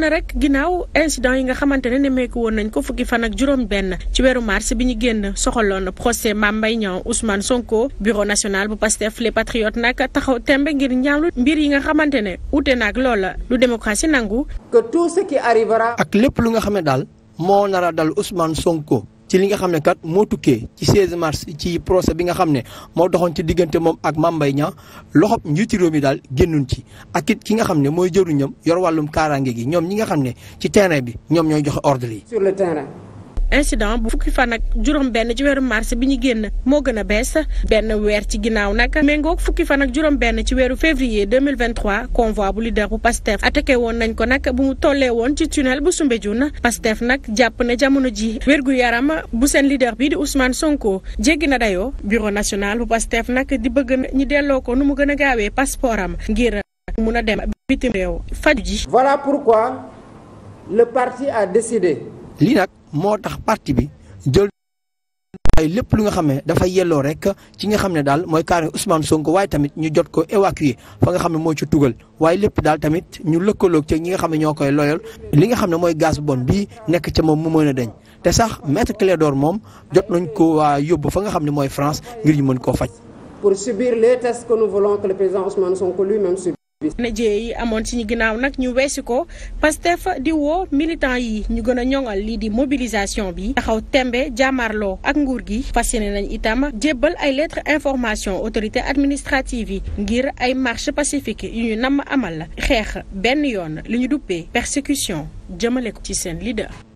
na rek ginnaaw incident yi nga xamante ne nemmeeku woon nañ ko fukki fan ak juróom benn ci weeru mars bi ñu génn soxaloon procès Mame Mbaye Niang Ousmane Sonko bureau national bu Pastef les patriot nag taxaw tembe ngir ñaawlu mbir yi nga xamante ne ute naag loola lu démocratie nangu. que tout ce qui arrivera. ak lépp lu nga xam ne daal moo nar a dal Ousmane Sonko. ci li nga xam ne kat moo tukkee ci 16 mars ci procès bi nga xam ne moo doxoon ci diggante moom ak Mame Mbaye Niang loxob njiitu bi daal génnuñ ci ak it ki nga xam ne mooy jëruñam yor wàllum kaaraange gi ñoom ñi nga xam ne ci terrain bi ñoom ñooy joxe ordre yi. sur le terrain. incident bu fukki fan ak juróom benn ci weeru mars bi ñu génn moo gën a bees benn weer ci ginnaaw nag méngoog fukki fan ak juróom benn ci weeru février 2023 convoi bu leader bu Pastef attaqué woon nañ ko nag bu mu tollee woon ci tunnel bu Soumbédioune Pastef nag jàpp na jamono ji wérgu yaram bu seen leader bi di Ousmane Sonko jéggi na dayoo bureau national bu Pastef nag di bëgg ñu delloo ko nu mu gën a gaawee passeport am ngir mun a dem bitim réew ji. Voilà pourquoi le lii nag moo tax parti bi jël waaye lépp lu nga xam ne dafa yelloo rek ci nga xam ne daal mooy carré Ousmane sonk waaye tamit ñu jot ko évacuer fa nga xam ne moo ci tugal waaye lépp daal tamit ñu lëkkaloog ci ñi nga xam ne ñoo koy loyal li nga xam ne mooy gaz bon bii nekk ca moom mu mën a dañ te sax maître Clédor moom jot nañ ko waa euh, yóbbu fa nga xam ne mooy France ngir ñu mën koo faj. jëye yi amoon ci ginnaaw nag ñu weesu ko Pastef di woo militant yi ñu gën a ñoŋal lii di mobilisation bi taxaw tembe jaamarloo ak nguur gi fas yéene nañ itam jébbal ay lettre information autorité administrative yi ngir ay marche pacifique yu ñu namm amal xeex benn yoon li ñu duppee persécution jëmale ko ci seen leader